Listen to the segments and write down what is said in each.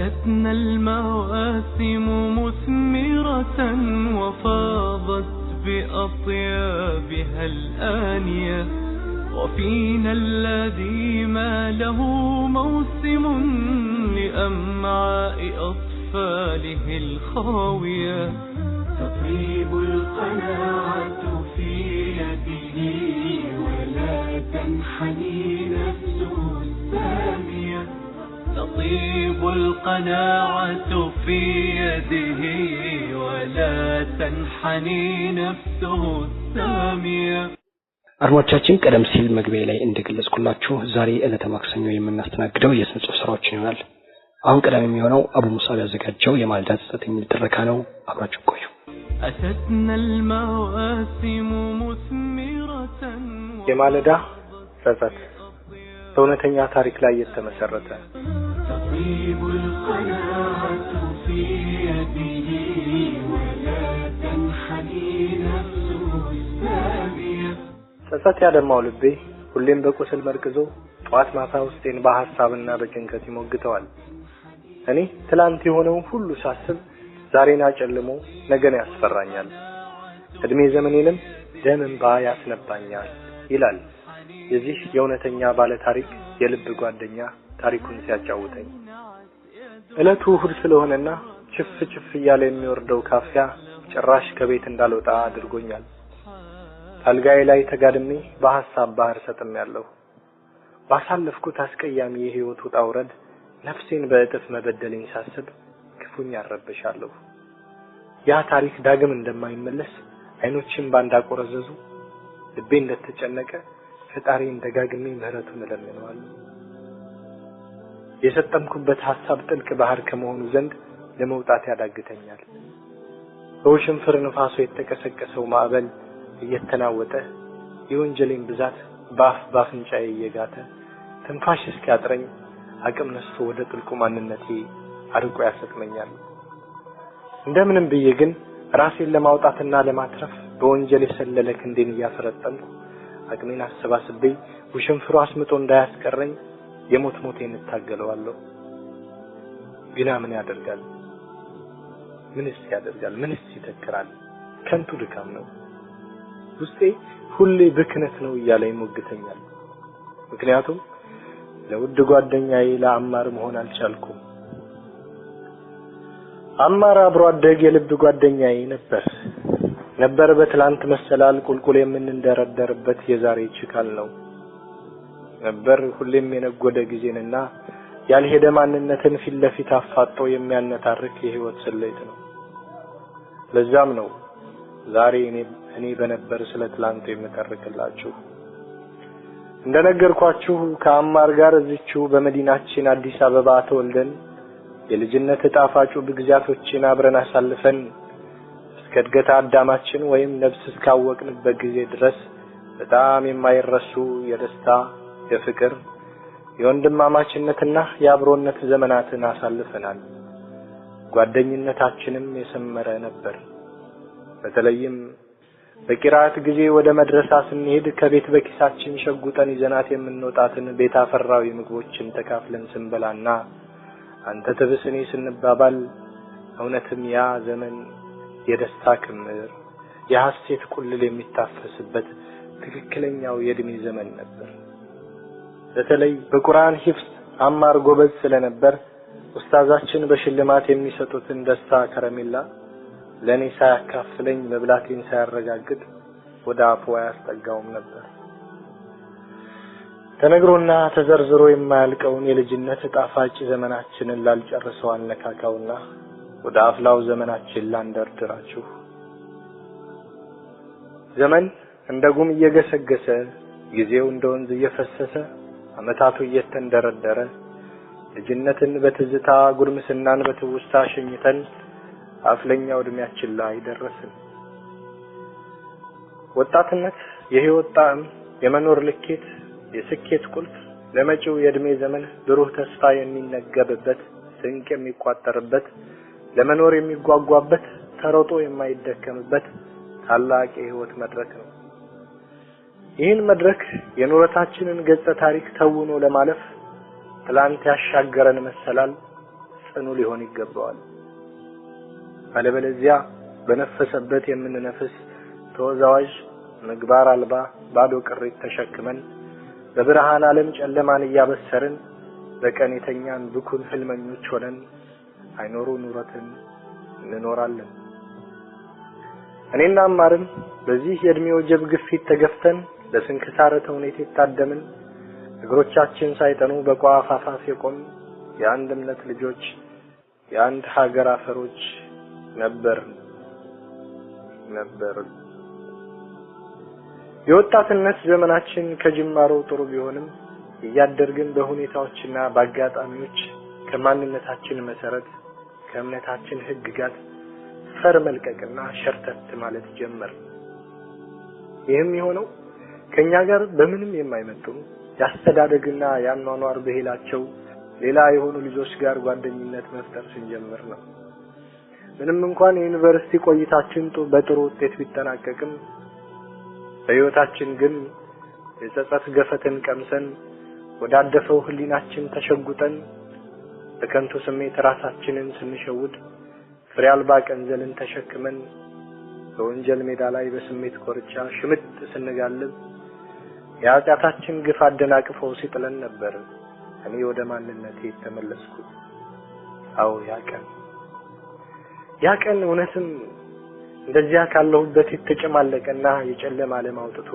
أتتنا المواسم مثمرة وفاضت بأطيابها الآنية وفينا الذي ما له موسم لأمعاء أطفاله الخاوية تطيب القناعة في يده ولا تنحني نفسي تطيب القناعة في يده ولا تنحني نفسه السامية አድማጮቻችን ቀደም ሲል መግቢያ ላይ እንደገለጽኩላችሁ ዛሬ ዕለተ ማክሰኞ የምናስተናግደው የስነ ጽሁፍ ስራዎችን ይሆናል። አሁን ቀደም የሚሆነው አቡ ሙሳብ ያዘጋጀው የማለዳ ጽጸት የሚል ትረካ ነው። አብራችሁ ቆዩ። የማለዳ ጸጸት በእውነተኛ ታሪክ ላይ የተመሰረተ طبيب ጸጸት ያደማው ልቤ ሁሌም በቁስል መርቅዞ ጠዋት ማታ ውስጤን በሀሳብና በጭንቀት ይሞግተዋል። እኔ ትላንት የሆነውን ሁሉ ሳስብ ዛሬን አጨልሞ ነገን ያስፈራኛል፣ እድሜ ዘመኔንም ደም እንባ ያስነባኛል ይላል የዚህ የእውነተኛ ባለ ታሪክ የልብ ጓደኛ ታሪኩን ሲያጫውተኝ እለቱ እሁድ ስለሆነና ችፍ ችፍ እያለ የሚወርደው ካፊያ ጭራሽ ከቤት እንዳልወጣ አድርጎኛል። አልጋዬ ላይ ተጋድሜ በሐሳብ ባህር ሰጥም ያለው። ባሳለፍኩት አስቀያሚ የህይወት ውጣ ውረድ ነፍሴን በእጥፍ መበደልኝ ሳስብ ክፉኛ አረበሻለሁ። ያ ታሪክ ዳግም እንደማይመለስ አይኖችን ባንዳቆረዘዙ ልቤ እንደተጨነቀ ፈጣሪን ደጋግሜ ምህረቱን እለምነዋለሁ። የሰጠምኩበት ሐሳብ ጥልቅ ባህር ከመሆኑ ዘንድ ለመውጣት ያዳግተኛል። በውሽንፍር ንፋሱ የተቀሰቀሰው ማዕበል እየተናወጠ የወንጀሌን ብዛት በአፍ በአፍንጫዬ እየጋተ ትንፋሽ እስኪያጥረኝ አቅም ነስቶ ወደ ጥልቁ ማንነቴ አርቆ ያሰጥመኛል። እንደምንም ብዬ ግን ራሴን ለማውጣትና ለማትረፍ በወንጀል የሰለለ ክንዴን እያፈረጠምኩ አቅሜን አሰባስቤ ውሽንፍሩ አስምጦ እንዳያስቀረኝ የሞት ሞት አለው ግና ምን ያደርጋል? ምንስ ያደርጋል? ምንስ ይተክራል? ከንቱ ድካም ነው። ውስጤ ሁሌ ብክነት ነው እያለ ይሞግተኛል። ምክንያቱም ለውድ ጓደኛዬ ለአማር መሆን አልቻልኩም። አማር አብሮ አደግ የልብ ጓደኛዬ ነበር ነበር በትላንት መሰላል ቁልቁል የምንደረደርበት የዛሬ ችካል ነው። ነበር። ሁሌም የነጎደ ጊዜንና ያልሄደ ማንነትን ፊት ለፊት አፋጦ የሚያነታርክ የህይወት ስሌት ነው። ለዛም ነው ዛሬ እኔ በነበር ስለ ትላንቱ የምተርክላችሁ። እንደነገርኳችሁ ከአማር ጋር እዚችው በመዲናችን አዲስ አበባ ተወልደን የልጅነት ጣፋጩ ብግዚያቶችን አብረን አሳልፈን እስከ እድገት አዳማችን ወይም ነፍስ እስካወቅንበት ጊዜ ድረስ በጣም የማይረሱ የደስታ የፍቅር የወንድማማችነትና የአብሮነት ዘመናትን አሳልፈናል። ጓደኝነታችንም የሰመረ ነበር። በተለይም በቂራት ጊዜ ወደ መድረሳ ስንሄድ ከቤት በኪሳችን ሸጉጠን ይዘናት የምንወጣትን ቤት አፈራዊ ምግቦችን ተካፍለን ስንበላና አንተ ትብስ እኔ ስንባባል እውነትም ያ ዘመን የደስታ ክምር የሐሴት ቁልል የሚታፈስበት ትክክለኛው የእድሜ ዘመን ነበር። በተለይ በቁርአን ሂፍዝ አማር ጎበዝ ስለነበር ኡስታዛችን በሽልማት የሚሰጡትን ደስታ ከረሜላ ለእኔ ሳያካፍለኝ መብላቴን ሳያረጋግጥ ወደ አፉ አያስጠጋውም ነበር። ተነግሮና ተዘርዝሮ የማያልቀውን የልጅነት ጣፋጭ ዘመናችንን ላልጨርሰው አነካካውና ወደ አፍላው ዘመናችን ላንደርድራችሁ። ዘመን እንደ ጉም እየገሰገሰ ጊዜው እንደ ወንዝ እየፈሰሰ ዓመታቱ እየተንደረደረ ልጅነትን በትዝታ ጉርምስናን በትውስታ ሸኝተን አፍለኛው እድሜያችን ላይ ደረስን። ወጣትነት የህይወት ጣዕም፣ የመኖር ልኬት፣ የስኬት ቁልፍ፣ ለመጪው የእድሜ ዘመን ብሩህ ተስፋ የሚነገብበት ስንቅ የሚቋጠርበት ለመኖር የሚጓጓበት ተሮጦ የማይደከምበት ታላቅ የህይወት መድረክ ነው። ይህን መድረክ የኑረታችንን ገጸ ታሪክ ተውኖ ለማለፍ ትላንት ያሻገረን መሰላል ጽኑ ሊሆን ይገባዋል። አለበለዚያ በነፈሰበት የምንነፍስ ተወዛዋዥ፣ ምግባር አልባ ባዶ ቅሪት ተሸክመን በብርሃን ዓለም ጨለማን እያበሰርን በቀን የተኛን ብኩን ህልመኞች ሆነን አይኖሩ ኑረትን እንኖራለን። እኔና አማርም በዚህ የእድሜ ወጀብ ግፊት ተገፍተን ለስንክሳረ ተውኔት የታደምን እግሮቻችን ሳይጠኑ በቋፍ አፋፍ የቆምን የአንድ እምነት ልጆች የአንድ ሀገር አፈሮች ነበር ነበር። የወጣትነት ዘመናችን ከጅማሮ ጥሩ ቢሆንም እያደርግን በሁኔታዎችና በአጋጣሚዎች ከማንነታችን መሰረት ከእምነታችን ሕግጋት ፈር መልቀቅና ሸርተት ማለት ጀመር። ይህም የሆነው ከኛ ጋር በምንም የማይመጥኑ ያስተዳደግና ያኗኗር ብሄላቸው ሌላ የሆኑ ልጆች ጋር ጓደኝነት መፍጠር ስንጀምር ነው። ምንም እንኳን የዩኒቨርሲቲ ቆይታችን በጥሩ ውጤት ቢጠናቀቅም በህይወታችን ግን የጸጸት ገፈትን ቀምሰን ወዳደፈው ህሊናችን ተሸጉጠን በከንቱ ስሜት ራሳችንን ስንሸውድ ፍሬ አልባ ቀንዘልን ተሸክመን በወንጀል ሜዳ ላይ በስሜት ኮርቻ ሽምጥ ስንጋልብ የኃጢአታችን ግፍ አደናቅፈው ሲጥለን ነበር እኔ ወደ ማንነቴ ተመለስኩ። አዎ ያ ቀን ያ ቀን እውነትም እንደዚያ ካለሁበት የተጨማለቀና የጨለማ ዓለም አውጥቶ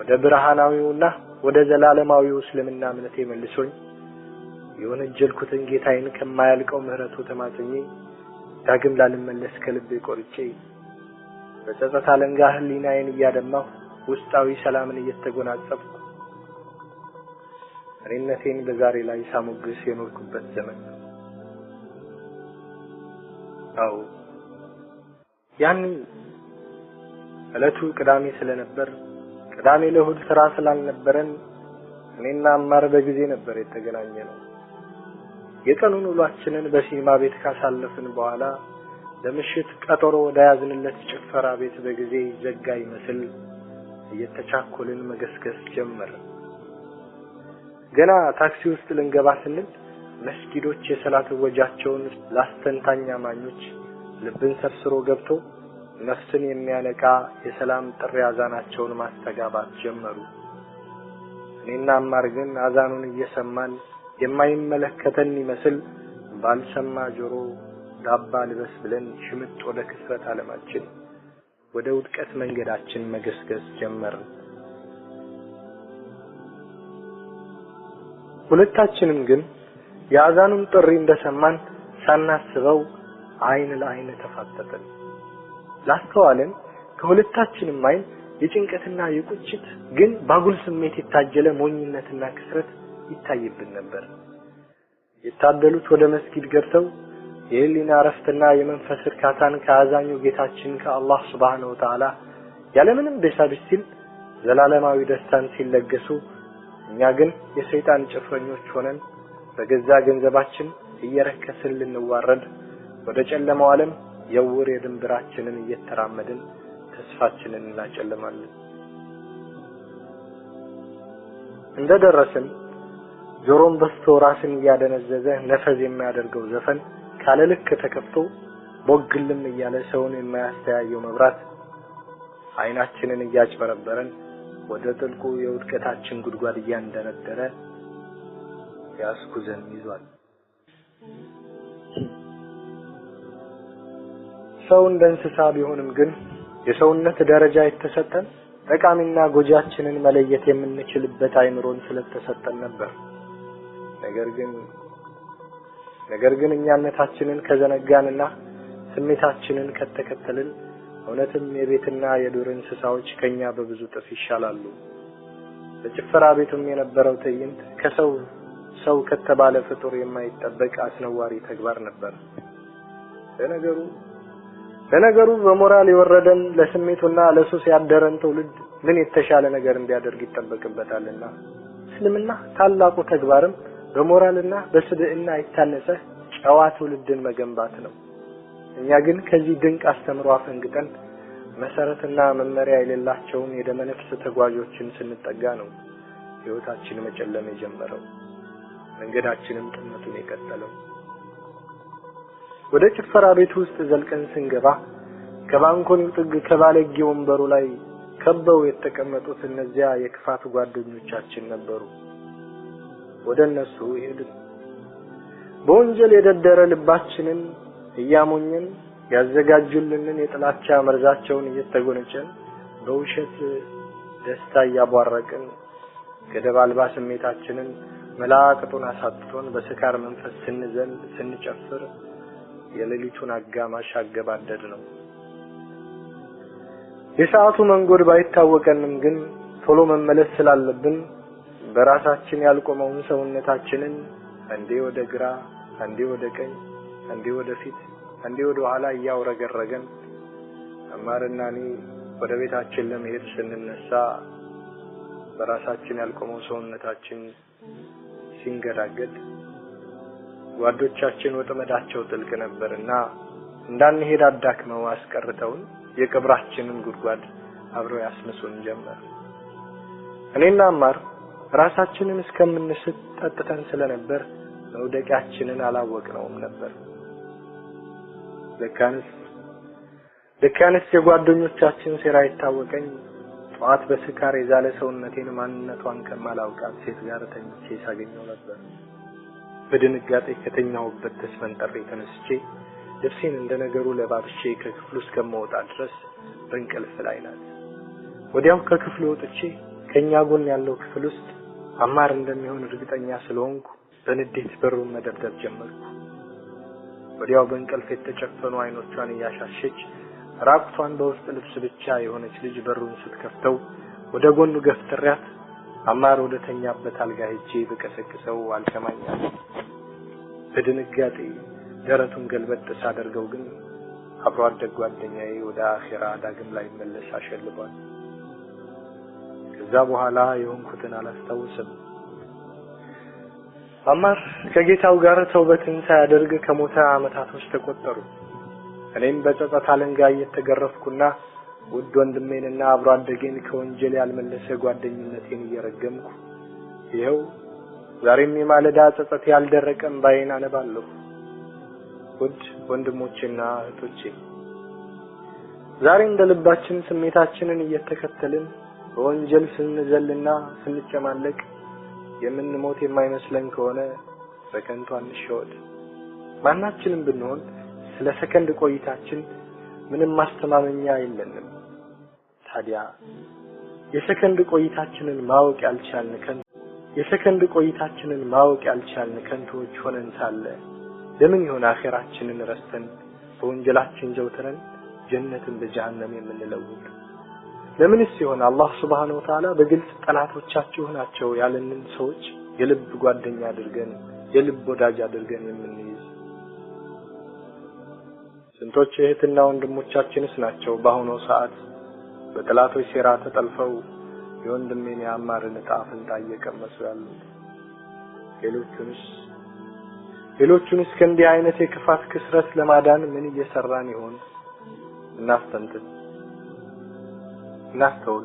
ወደ ብርሃናዊውና ወደ ዘላለማዊው እስልምና እምነቴ የመልሶኝ የወነጀልኩትን ጌታዬን ከማያልቀው ምሕረቱ ተማጽኜ ዳግም ላልመለስ ከልቤ ቆርጬ በጸጸት አለንጋ ሕሊናዬን እያደማሁ ውስጣዊ ሰላምን እየተጎናጸፍኩ እኔነቴን በዛሬ ላይ ሳሞግስ የኖርኩበት ዘመን አው ያን እለቱ ቅዳሜ ስለነበር ቅዳሜ ለእሁድ ስራ ስላልነበረን እኔና አማር በጊዜ ነበር የተገናኘ ነው። የቀኑን ውሏችንን በሲኒማ ቤት ካሳለፍን በኋላ ለምሽት ቀጠሮ ወደ ያዝንለት ጭፈራ ቤት በጊዜ ይዘጋ ይመስል እየተቻኮልን መገስገስ ጀመርን። ገና ታክሲ ውስጥ ልንገባ ስንል መስጊዶች የሰላት ወጃቸውን ለአስተንታኝ አማኞች ልብን ሰርስሮ ገብቶ ነፍስን የሚያነቃ የሰላም ጥሪ አዛናቸውን ማስተጋባት ጀመሩ። እኔና አማር ግን አዛኑን እየሰማን የማይመለከተን ይመስል ባልሰማ ጆሮ ዳባ ልበስ ብለን ሽምጥ ወደ ክፍረት አለማችን ወደ ውድቀት መንገዳችን መገስገስ ጀመር። ሁለታችንም ግን የአዛኑን ጥሪ እንደሰማን ሳናስበው አይን ለአይን ተፋጠጥን። ላስተዋልን ከሁለታችንም አይን የጭንቀትና የቁጭት ግን ባጉል ስሜት የታጀለ ሞኝነትና ክስረት ይታይብን ነበር። የታደሉት ወደ መስጊድ ገብተው የህሊና ረፍትና የመንፈስ እርካታን ከአዛኙ ጌታችን ከአላህ ስብሓነሁ ወተዓላ ያለምንም ቤሳቢስቲል ዘላለማዊ ደስታን ሲለገሱ እኛ ግን የሰይጣን ጭፍረኞች ሆነን በገዛ ገንዘባችን እየረከስን ልንዋረድ ወደ ጨለማው ዓለም የውር የድንብራችንን እየተራመድን ተስፋችንን እናጨልማለን። እንደደረስን ጆሮን በስቶ ራስን እያደነዘዘ ነፈዝ የሚያደርገው ዘፈን ካለልክ ልክ ተከፍቶ ቦግልም እያለ ሰውን የማያስተያየው መብራት አይናችንን እያጭበረበረን ወደ ጥልቁ የውድቀታችን ጉድጓድ እያንደረደረ ያስኩዘን ይዟል። ሰው እንደ እንስሳ ቢሆንም ግን የሰውነት ደረጃ የተሰጠን ጠቃሚና ጎጃችንን መለየት የምንችልበት አይምሮን ስለተሰጠን ነበር። ነገር ግን ነገር ግን እኛነታችንን ከዘነጋንና ስሜታችንን ከተከተልን እውነትም የቤትና የዱር እንስሳዎች ከኛ በብዙ ጥፍ ይሻላሉ። በጭፈራ ቤቱም የነበረው ትዕይንት ከሰው ሰው ከተባለ ፍጡር የማይጠበቅ አስነዋሪ ተግባር ነበር። ለነገሩ ለነገሩ በሞራል የወረደን ለስሜቱና ለሱስ ያደረን ትውልድ ምን የተሻለ ነገር እንዲያደርግ ይጠበቅበታልና እስልምና ታላቁ ተግባርም በሞራልና በስብዕና የታነጸ ጨዋ ትውልድን መገንባት ነው። እኛ ግን ከዚህ ድንቅ አስተምሮ አፈንግጠን መሰረትና መመሪያ የሌላቸውን የደመነፍስ ተጓዦችን ስንጠጋ ነው ሕይወታችን መጨለም የጀመረው፣ መንገዳችንም ጥመቱን የቀጠለው። ወደ ጭፈራ ቤት ውስጥ ዘልቀን ስንገባ ከባንኮኒው ጥግ ከባለጌ ወንበሩ ላይ ከበው የተቀመጡት እነዚያ የክፋት ጓደኞቻችን ነበሩ። ወደ እነሱ ይሄድን። በወንጀል የደደረ ልባችንን እያሞኘን ያዘጋጁልንን የጥላቻ መርዛቸውን እየተጎነጨን በውሸት ደስታ እያቧረቅን ገደብ አልባ ስሜታችንን መላቅጡን አሳጥቶን በስካር መንፈስ ስንዘል ስንጨፍር የሌሊቱን አጋማሽ አገባደድ ነው። የሰዓቱ መንጎድ ባይታወቀንም ግን ቶሎ መመለስ ስላለብን በራሳችን ያልቆመውን ሰውነታችንን እንዴ ወደ ግራ፣ እንዴ ወደ ቀኝ፣ እንዴ ወደ ፊት፣ እንዴ ወደ ኋላ እያውረገረገን እማርና እኔ ወደ ቤታችን ለመሄድ ስንነሳ በራሳችን ያልቆመው ሰውነታችን ሲንገዳገድ ጓዶቻችን ወጥመዳቸው ጥልቅ ነበርና እንዳንሄድ አዳክመው አስቀርተውን የቅብራችንን ጉድጓድ አብረው ያስነሱን ጀመር። እኔና አማር ራሳችንን እስከምንስት ጠጥተን ስለነበር መውደቂያችንን አላወቅነውም ነበር። ለካንስ ለካንስ የጓደኞቻችን ሴራ ይታወቀኝ ጠዋት በስካር የዛለ ሰውነቴን ማንነቷን ከማላውቃት ሴት ጋር ተኝቼ ሳገኘው ነበር። በድንጋጤ ከተኛሁበት ተስፈንጠሬ ተነስቼ ልብሴን እንደ ነገሩ ለባብሼ ከክፍሉ እስከመውጣ ድረስ በእንቅልፍ ላይ ናት። ወዲያው ከክፍሉ ወጥቼ ከኛ ጎን ያለው ክፍል ውስጥ አማር እንደሚሆን እርግጠኛ ስለሆንኩ በንዴት በሩን መደብደብ ጀመርኩ። ወዲያው በእንቅልፍ የተጨፈኑ አይኖቿን እያሻሸች ራቁቷን በውስጥ ልብስ ብቻ የሆነች ልጅ በሩን ስትከፍተው ወደ ጎኑ ገፍትሪያት አማር ወደ ተኛበት አልጋ ሄጄ በቀሰቅሰው አልሰማኛል። በድንጋጤ ደረቱን ገልበጥ ሳደርገው ግን አብሮ አደግ ጓደኛዬ ወደ አኼራ ዳግም ላይ መለስ አሸልቧል። ከዛ በኋላ የሆንኩትን አላስታውስም። አማር ከጌታው ጋር ተውበትን ሳያደርግ ከሞተ ዓመታቶች ተቆጠሩ። እኔም በጸጸት አለንጋ እየተገረፍኩና ውድ ወንድሜንና አብሮ አደጌን ከወንጀል ያልመለሰ ጓደኝነቴን እየረገምኩ ይኸው ዛሬም የማለዳ ጸጸት ያልደረቀም ባይን አነባለሁ። ውድ ወንድሞቼና እህቶቼ ዛሬ እንደ ልባችን ስሜታችንን እየተከተልን በወንጀል ስንዘልና ስንጨማለቅ የምንሞት የማይመስለን ከሆነ በከንቱ አንሸወድ። ማናችንም ብንሆን ስለ ሰከንድ ቆይታችን ምንም ማስተማመኛ የለንም። ታዲያ የሰከንድ ቆይታችንን ማወቅ ያልቻልን ከንቱ የሰከንድ ቆይታችንን ማወቅ ያልቻልን ከንቶች ሆነን ሳለ ለምን ይሆን አኼራችንን ረስተን በወንጀላችን ዘውትረን ጀነትን በጀሃነም የምንለውጥ? ለምንስ ይሆን አላህ Subhanahu Wa Ta'ala በግልጽ ጠላቶቻችሁ ናቸው ያለንን ሰዎች የልብ ጓደኛ አድርገን የልብ ወዳጅ አድርገን የምንይዝ? ስንቶች እህትና ወንድሞቻችንስ ናቸው በአሁኑ ሰዓት በጠላቶች ሴራ ተጠልፈው የወንድሜን የአማርን ዕጣ ፈንታ እየቀመሱ ያሉት? ሌሎቹንስ ሌሎቹንስ ከእንዲህ አይነት የክፋት ክስረት ለማዳን ምን እየሰራን ይሆን? እናስተንትን። እናስተውል።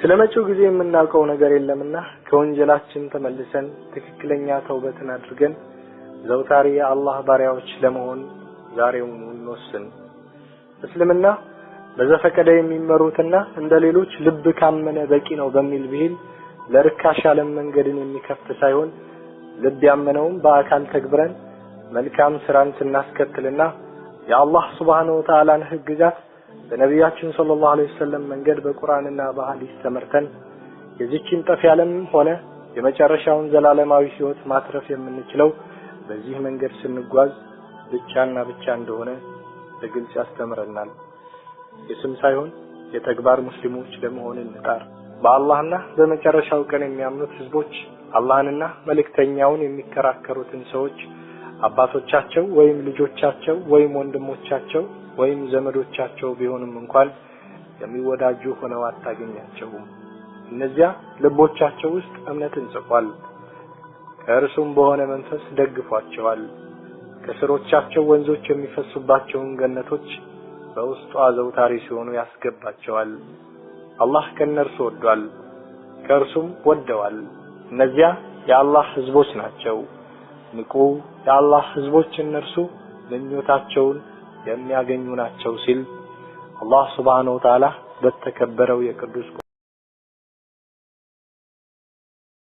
ስለመጪው ጊዜ የምናውቀው ነገር የለምና ከወንጀላችን ተመልሰን ትክክለኛ ተውበትን አድርገን ዘውታሪ የአላህ ባሪያዎች ለመሆን ዛሬውን እንወስን። እስልምና በዘፈቀደ የሚመሩትና እንደ ሌሎች ልብ ካመነ በቂ ነው በሚል ብሂል ለርካሽ ዓለም መንገድን የሚከፍት ሳይሆን ልብ ያመነውም በአካል ተግብረን መልካም ስራን ስናስከትልና የአላህ ስብሓነሁ ወተዓላን ህግጋት በነቢያችን ሰለላሁ ዐለይሂ ወሰለም መንገድ በቁርአንና በሐዲስ ተመርተን የዚችን ጠፊ ዓለም ሆነ የመጨረሻውን ዘላለማዊ ሕይወት ማትረፍ የምንችለው በዚህ መንገድ ስንጓዝ ብቻና ብቻ እንደሆነ በግልጽ ያስተምረናል። የስም ሳይሆን የተግባር ሙስሊሞች ለመሆን እንጣር። በአላህና በመጨረሻው ቀን የሚያምኑት ህዝቦች አላህንና መልእክተኛውን የሚከራከሩትን ሰዎች አባቶቻቸው ወይም ልጆቻቸው ወይም ወንድሞቻቸው ወይም ዘመዶቻቸው ቢሆንም እንኳን የሚወዳጁ ሆነው አታገኛቸውም። እነዚያ ልቦቻቸው ውስጥ እምነትን ጽፏል፣ ከእርሱም በሆነ መንፈስ ደግፏቸዋል። ከስሮቻቸው ወንዞች የሚፈሱባቸውን ገነቶች በውስጡ አዘውታሪ ሲሆኑ ያስገባቸዋል። አላህ ከእነርሱ ወዷል፣ ከእርሱም ወደዋል። እነዚያ የአላህ ህዝቦች ናቸው። ንቁ የአላህ ህዝቦች እነርሱ ምኞታቸውን የሚያገኙ ናቸው ሲል አላህ ሱብሓነሁ ወተዓላ በተከበረው የቅዱስ